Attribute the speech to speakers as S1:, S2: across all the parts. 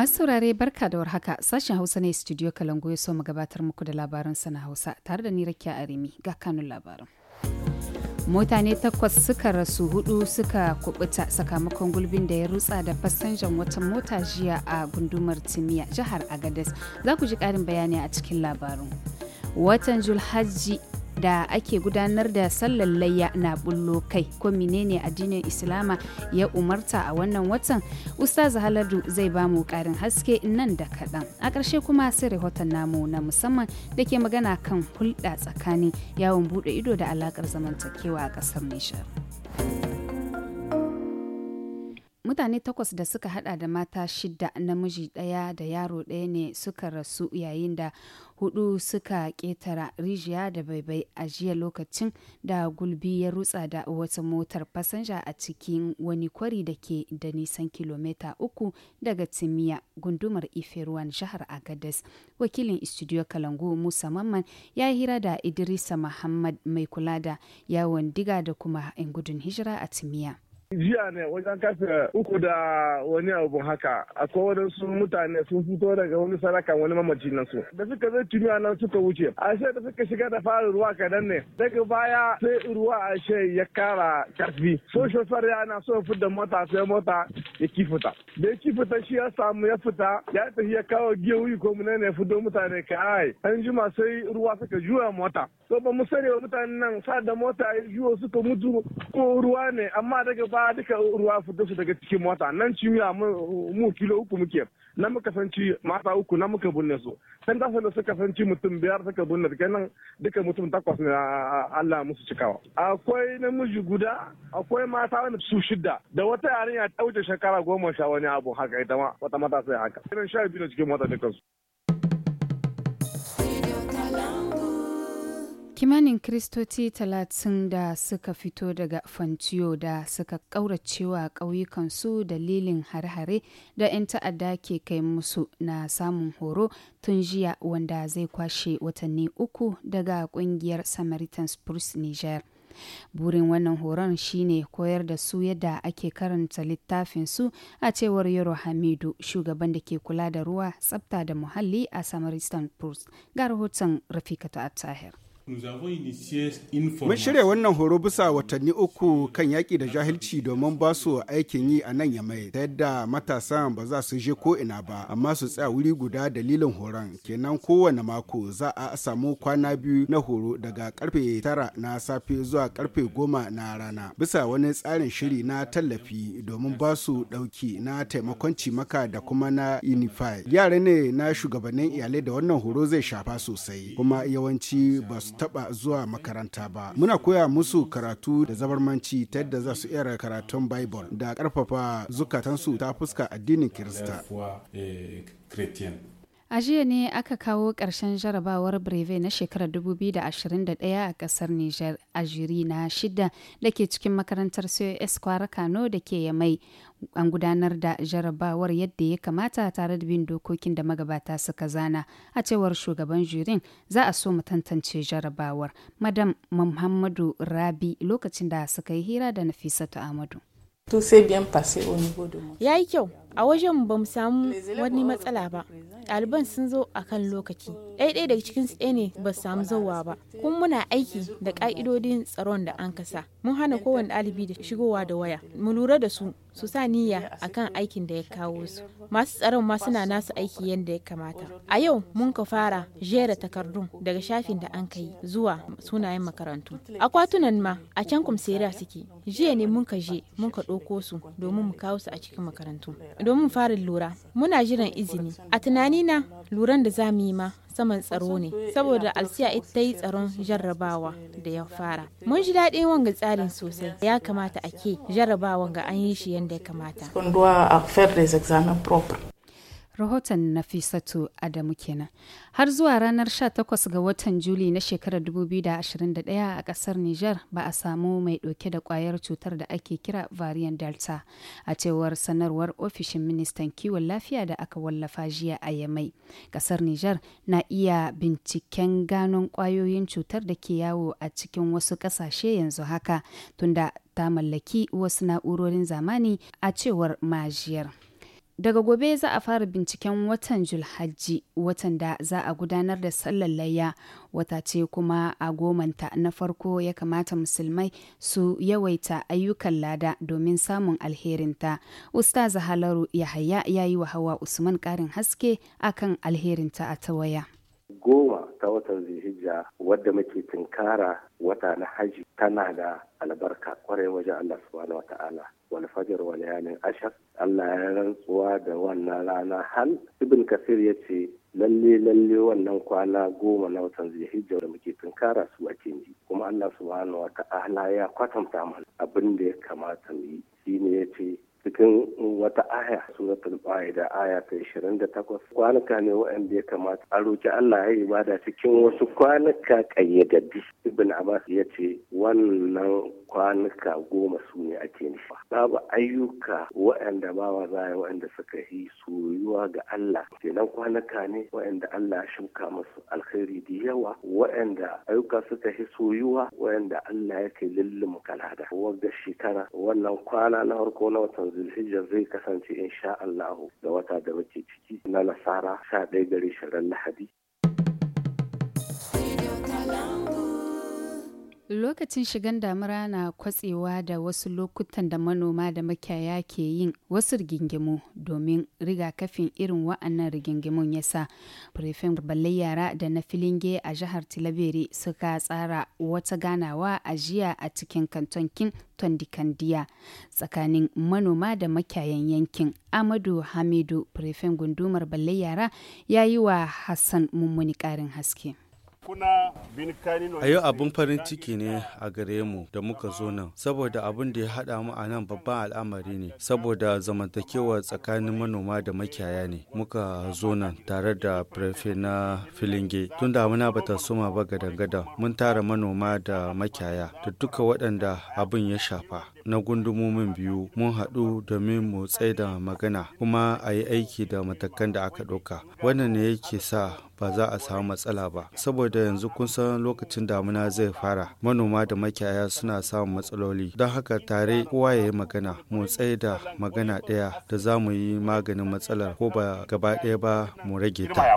S1: Masu saurare barka da warhaka sashen Hausa ne studio Kalango ya so mu gabatar muku da labaran sana Hausa tare da ni Rakiya Arimi ga kanun labarin. Mutane takwas suka rasu hudu suka kubuta sakamakon gulbin da ya rutsa da fasanjan wata mota jiya a gundumar Timiya jihar Agadez. Za ku ji karin bayani a cikin labarin. Watan julhaji da ake gudanar da sallar layya na bullo kai ko menene addinin islama ya umarta a wannan watan ustaz haladu zai ba mu karin haske nan da kaɗan a ƙarshe kuma sai rahoton namu na musamman da ke magana kan hulɗa tsakanin yawon buɗe ido da alaƙar zamantakewa a ƙasar nishar Mutane takwas da suka hada da mata shida namiji daya da yaro daya ne suka rasu yayin da hudu suka ketara rijiya da baibai a jiya lokacin da gulbi ya rutsa da wata motar fasanja a cikin wani kwari da ke da nisan kilomita uku daga timiya gundumar iferuwan jihar agadas wakilin studio kalangu musa mamman ya hira da idrisa muhammad mai kula da yawon diga da kuma 'yan gudun hijira a timiya
S2: jiya ne wajen kasa uku da wani abu haka akwai wadansu mutane sun fito daga wani sarakan wani mamaci na su da suka zai a nan suka wuce ashe da suka shiga da fara ruwa kadan ne daga baya sai ruwa ashe ya kara karfi so shofar na so ya da mota sai mota ya kifuta da ya kifuta shi ya samu ya fita ya tafi ya kawo giyoyi ko mu ne ne fito mutane kai an jima sai ruwa suka juya mota to ba mu sani ba mutanen nan sa da mota yiwo suka mutu ko ruwa ne amma daga ba duka ruwa fito su daga cikin mota nan cinya mu kilo uku muke na muka sanci mata uku na muka bunne su san da da suka sanci mutum biyar suka bunne daga nan duka mutum takwas ne Allah musu cikawa akwai namiji guda akwai mata wanda su shida da wata yarinya ta wuce shekara goma sha wani abu haka ita ma wata mata sai haka irin sha biyu na cikin mota dukansu
S1: kimanin kristoci talatin da suka fito daga fantiyo da suka ƙauracewa ƙauyukansu dalilin hare-hare da 'yan ta'adda ke kai musu na samun horo tun jiya wanda zai kwashe watanni uku daga ƙungiyar samaritans Spurs niger burin wannan horon shine koyar da su yadda ake karanta littafinsu a cewar yaro hamidu shugaban da ke kula da ruwa tsabta da muhalli a samaritan plus ga rahoton ta tahir
S3: Mun shirya
S4: wannan horo bisa watanni uku kan yaƙi da jahilci domin ba su aikin yi a nan yamai ta yadda matasan ba za su je ko ina ba amma su tsaya wuri guda dalilin horon kenan kowane mako za a samu kwana biyu na horo daga karfe tara na safe zuwa karfe goma na rana bisa wani tsarin shiri na tallafi domin ba su ɗauki na taimakon cimaka da kuma na unify yare ne na shugabannin iyalai da wannan horo zai shafa sosai kuma yawanci ba su taba zuwa makaranta ba muna koya musu karatu da zabarmanci ta yadda za su iya karatun bible da karfafa zukatansu ta fuska addinin kirista
S1: A jiya ne aka kawo ƙarshen jarabawar Breve na shekarar 2021 a ƙasar Nijar a jiri na shida da ke cikin makarantar COS Kwara Kano da ke Yamai. An gudanar da jarabawar yadda ya kamata tare da bin dokokin da magabata suka zana. A cewar shugaban jirin za a so mu tantance jarabawar. Madam Muhammadu Rabi lokacin da suka yi hira da Nafisatu Ahmadu.
S5: Ya yi kyau, a wajen ba mu samu wani matsala ba. ɗaliban sun zo a kan lokaci ɗaya ɗaya daga cikin tsaye ne ba su samu zauwa ba kuma muna aiki da ƙa'idodin tsaron da an kasa mun hana kowane ɗalibi da shigowa da waya mu lura da su su sa niyya akan aikin da ya kawo su masu tsaron ma suna nasu aiki yadda ya kamata a yau mun ka fara jera takardun daga shafin da an kai zuwa sunayen makarantu akwatunan ma a can kumsera suke jiya ne mun ka je mun ka ɗauko su domin mu kawo su a cikin makarantu domin fara lura muna jiran izini a tunani Amina luran da za mu yi ma saman tsaro ne saboda alsiya ita yi tsaron jarrabawa da ya fara mun ji daɗin wanga tsarin sosai ya kamata a ke jarrabawa ga an yi
S1: shi yadda ya kamata rahoton Nafisatu Adamu kenan. Har zuwa ranar 18 ga watan Juli na shekarar 2021 a kasar Nijar ba a samu mai ɗauke da kwayar cutar da ake kira variant Delta a cewar sanarwar ofishin ministan kiwon lafiya da aka wallafa jiya a Yamai. Kasar Nijar na iya binciken ganon kwayoyin cutar da ke yawo a cikin wasu ƙasashe yanzu haka tunda ta mallaki wasu na'urorin zamani a cewar majiyar. Daga gobe za a fara binciken watan Julhajji, watan da za a gudanar da sallar layya, wata ce kuma a gomanta na farko ya kamata musulmai su yawaita ayyukan lada domin samun alherinta. usta Halaru Yahaya ya yi wa Hawa Usman ƙarin haske akan alherinta a tawaya.
S6: Goma ta watan Zihijja wadda muke tinkara wata na haji tana da albarka kwarai wajen Allah subhanahu wa ta'ala. wani fajar wani yanin ashar Allah ya rantsuwa da wannan rana hal ibn kasir ya ce lalle lalle wannan kwana goma na watan zulhijja da muke tunkara su a kinji kuma Allah subhanahu wa ta'ala ya kwatanta mana abin da ya kamata mu yi shine ya ce cikin wata aya suratul ma'ida aya ta 28 kwanuka ne waɗanda ya kamata a roki Allah ya ibada cikin wasu kwanuka kayyadaddi ibn Abbas ya ce wannan kwanuka goma su ne ake nufa babu ayyuka waɗanda bawa zaya waɗanda suka yi soyuwa ga Allah kenan kwanuka ne waɗanda Allah ya shuka musu alkhairi da yawa waɗanda ayyuka suka yi soyuwa waɗanda Allah yake lullum kalada wanda shekara wannan kwana na farko na watan watan zulhijjar zai kasance sha Allahu da wata da muke ciki na nasara sha ɗaya gare shirin lahadi
S1: Lokacin shigan damura na kwatsewa da wasu lokutan da manoma da makiyaya ke yin wasu rigingimu domin rigakafin irin wa'annan rigingimun ya sa, balai yara da na filinge a jihar Tilabere suka tsara wata ganawa a jiya a cikin kin Tondikandiya tsakanin manoma da makiyayan yankin. Amadu Hamidu Prefen gundumar Ballayyara yara ya yi wa Hassan mummuni ƙarin haske.
S2: A yau abin farin
S3: ciki ne a gare mu da muka zo nan, saboda abun da ya haɗa mu a nan babban al'amari ne, saboda zamantakewa tsakanin manoma da makiyaya ne. Muka zo nan tare da prefe na Filinge, tun damuna ba ta soma ba dangada mun tara manoma da makiyaya da duka waɗanda abin ya shafa. Na gundumomin biyu mun haɗu domin mu tsaida magana kuma a yi aiki da matakan da aka ɗauka. Wannan ne yake sa ba za a samu matsala ba saboda yanzu kun san lokacin damuna zai fara manoma da makiyaya suna samun matsaloli don haka tare kowa ya yi magana mu tsaye da magana ɗaya da za mu yi maganin matsalar ko ba gaba ɗaya ba mu rage
S2: ta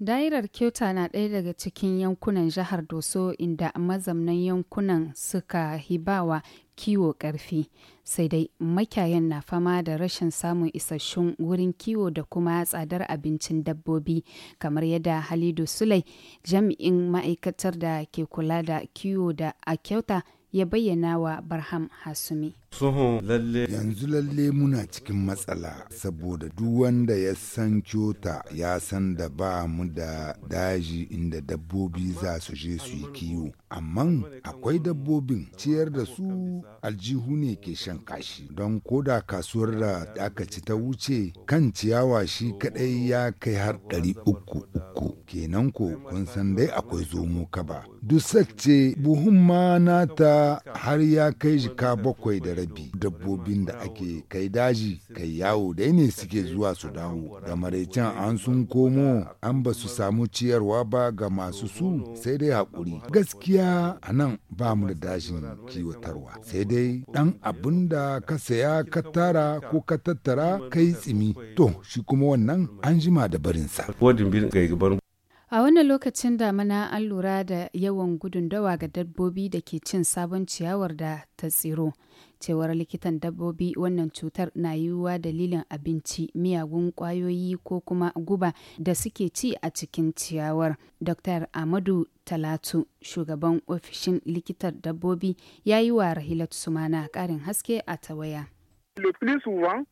S1: Dairar Kyota na ɗaya daga cikin yankunan jihar Doso inda mazamnan yankunan suka hibawa kiwo ƙarfi. Sai dai makiyayan na fama da rashin samun isasshun wurin kiwo da kuma tsadar abincin dabbobi kamar yadda Halidu Sulai jami'in ma'aikatar da ke kula da kiwo da a Kyoto ya bayyana wa Barham Hasumi.
S4: Soho lalle. Yanzu lalle muna cikin matsala saboda duk wanda ya san Kyoto ya san da ba mu da daji inda dabbobi za su je su yi kiwo. Amma akwai dabbobin ciyar da su aljihu ne ke shan kashi don ko da kasuwar da aka ci ta wuce kan ciyawa shi kadai ya kai har ɗari uku uku kenan ko kun san dai akwai zomo kaba. Dusacce buhun ma nata har ya kai jika bakwai da rabi dabbobin da ake kai daji kai yawo dai ne suke zuwa su dawo da maraicen an sun komo an ba su samu ciyarwa ba ga masu su sai dai haƙuri gaskiya a nan ba mu da dajin kiwatarwa sai dai ɗan abin da ka saya ka tara ko ka tattara kai tsimi to shi kuma wannan an jima da barinsa
S1: A wannan lokacin damana an lura da yawan gudun dawa ga dabbobi da ke cin sabon ciyawar da ta tsiro. Cewar likitan dabbobi wannan cutar na yiwuwa dalilin abinci, miyagun ƙwayoyi ko kuma guba da suke ci a cikin ciyawar. Dr. Amadu Talatu, shugaban ofishin likitar dabbobi, ya yi wa Rahilat Sumana ƙarin haske a tawaya.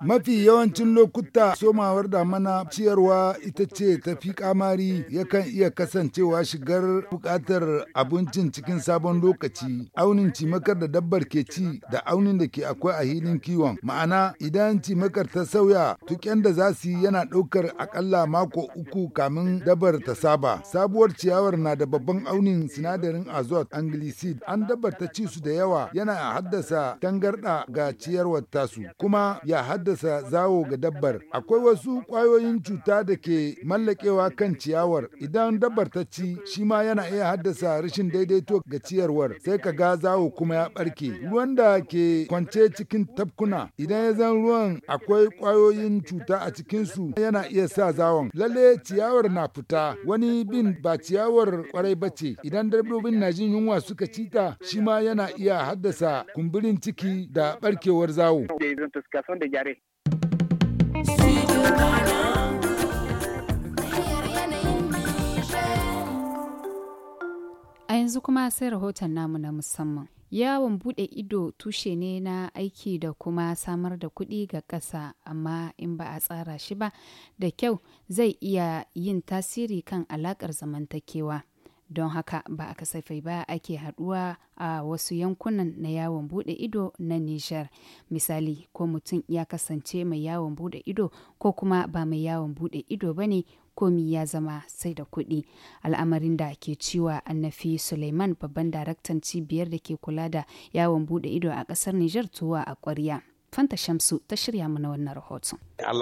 S4: Mafi yawancin lokuta somawar da mana ciyarwa ita ce tafi kamari yakan iya kasancewa shigar bukatar abincin cikin sabon lokaci, aunin cimakar da dabbar ke ci da aunin da ke akwai a hilin kiwon. Ma'ana idan cimakar ta sauya tuken da za su yi yana ɗaukar akalla mako uku kamin dabar ta saba. Sabuwar ciyawar na da babban aunin sinadarin azot anglicid an dabar ta ci su da yawa yana haddasa tangarɗa ga ciyarwar tasu. kuma ya haddasa zawo ga dabbar. Akwai wasu ƙwayoyin cuta da ke mallakewa kan ciyawar idan dabbar ta ci shi ma yana iya haddasa rashin daidaito ga ciyarwar sai ka ga zawo kuma ya barke. Ruwan da ke kwance cikin tafkuna idan ya zan ruwan akwai ƙwayoyin cuta a cikinsu yana iya sa zawon. Lalle ciyawar na fita wani bin ba ciyawar kwarai ba ce idan dabbobin na jin yunwa suka ci ta shi ma yana iya haddasa kumburin ciki da ɓarkewar zawo. son
S1: A yanzu kuma sai rahoton namu na musamman. Yawon buɗe ido tushe ne na aiki da kuma samar da kuɗi ga ƙasa, amma in ba a tsara shi ba da kyau zai iya yin tasiri kan alaƙar zamantakewa. don haka ba a kasafai ba ake haduwa a wasu yankunan na yawon bude ido na Nijar. Misali, ko mutum ya kasance mai yawon bude ido ko kuma ba mai yawon bude ido ba ne komi ya zama sai da kuɗi al'amarin da ke ciwa annafi suleiman babban daraktan cibiyar da ke kula da yawon bude ido a ƙasar nijar tuwa a ƙwarya. Fanta Shamsu ta shirya mana wannan rahoton.
S4: A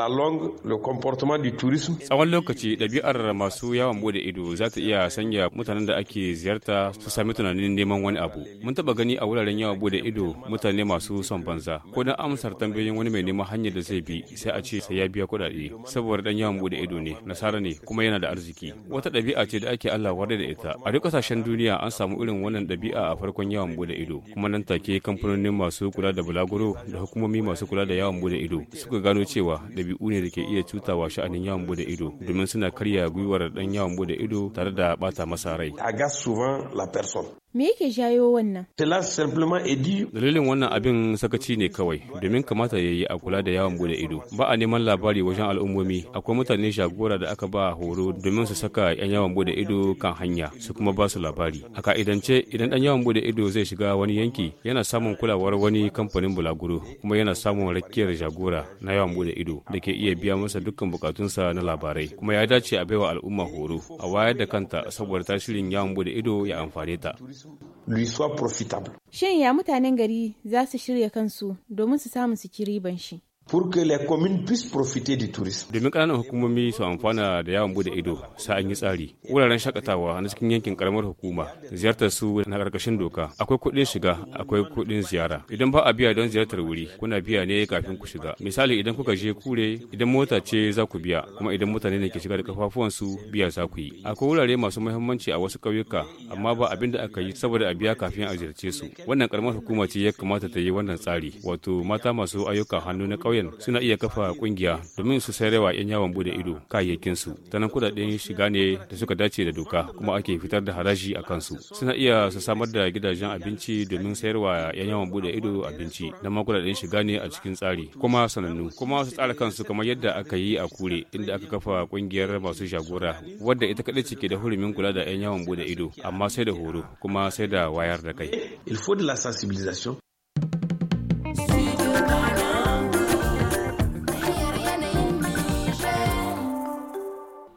S3: Tsawon lokaci, ɗabi'ar masu yawon bude ido za ta iya sanya mutanen da ake ziyarta su sami tunanin neman wani abu. Mun taɓa gani a wuraren yawon bude ido mutane masu son banza. Ko dan amsar tambayoyin wani mai neman hanyar da zai bi sai a ce sai ya biya kuɗaɗe. Saboda dan yawon bude ido ne, nasara ne, kuma yana da arziki. Wata ɗabi'a ce da ake Allah warda da ita. A duk ƙasashen duniya an samu irin wannan ɗabi'a a farkon yawon bude ido. Kuma nan take kamfanonin masu kula da bulaguro da hukumomi masu kula da yawon bude ido suka gano cewa dabi'u ne da ke iya cutawa sha'anin yawon bude ido domin suna karya gwiwar dan yawon bude ido tare da bata masa rai.
S5: Me yake jayo wannan?
S3: Dalilin wannan abin sakaci ne kawai, domin kamata ya yi a kula da yawon bude ido. Ba a neman labari wajen al'ummomi, akwai mutane shagora da aka ba horo domin su saka 'yan yawon bude ido kan hanya, su kuma ba su labari. A ka'idance, idan ɗan yawon bude ido zai shiga wani yanki, yana samun kulawar wani kamfanin bulaguro, kuma yana samun rakiyar jagora na yawon bude ido da ke iya biya masa dukkan bukatunsa na labarai. Kuma ya dace a baiwa al'umma horo, a wayar da kanta saboda tasirin yawon bude ido ya amfane ta. lui soit profitable.
S5: Shin ya mutanen gari za su shirya kansu domin su samu su ci riban shi?
S3: pour que les communes puissent profiter du tourisme. Domin ƙananan hukumomi su amfana da yawon bude ido sa an yi tsari. Wuraren shakatawa na cikin yankin karamar hukuma ziyartar su na karkashin doka. Akwai kuɗin shiga, akwai kuɗin ziyara. Idan ba a biya don ziyartar wuri, kuna biya ne kafin ku shiga. Misali idan kuka je kure, idan mota ce za ku biya, kuma idan mutane ne ke shiga da kafafuwansu biya za ku yi. Akwai wurare masu muhimmanci a wasu ƙauyuka, amma ba abin da aka yi saboda a biya kafin a ziyarce su. Wannan karamar hukuma ce ya kamata ta yi wannan tsari, wato mata masu ayyuka hannu na ƙauye ƙauyen suna iya kafa kungiya domin su sayar wa 'yan yawon bude ido kayayyakinsu ta nan kudaden shiga ne da suka dace da doka kuma ake fitar da haraji a kansu suna iya su samar da gidajen abinci domin sayar wa 'yan yawon bude ido abinci da ma kudaden shiga ne a cikin tsari kuma sanannu kuma su tsara kansu kamar yadda aka yi a kure inda aka kafa kungiyar masu jagora wadda ita kaɗai ce ke da hurumin kula da 'yan yawon bude ido amma sai da horo kuma sai da wayar da kai. Il faut de la sensibilisation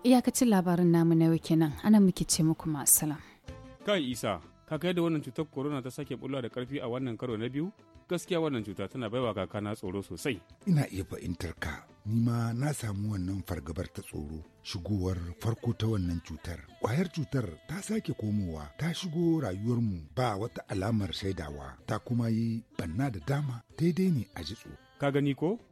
S1: iyakacin labarin namu na yau kenan anan muke ce muku salam.
S3: kan Isa, kakai da wannan cutar corona ta sake bulwa da karfi a wannan karo na biyu? Gaskiya wannan cuta tana baiwa kakana tsoro sosai.
S4: Ina iya fahimtar ka, ni ma na samu wannan fargabar ta tsoro shigowar farko ta wannan cutar. Kwayar cutar ta sake komowa, ta shigo rayuwarmu ba wata alamar shaidawa, ta kuma yi banna da dama daidai ne a jitso. Ka gani ko?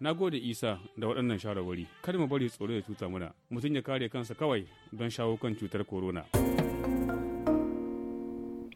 S3: Na gode Isa da waɗannan shawarwari, kada mu bari tsoro ya cuta muna, mutum ya kare kansa kawai don shawo kan cutar corona.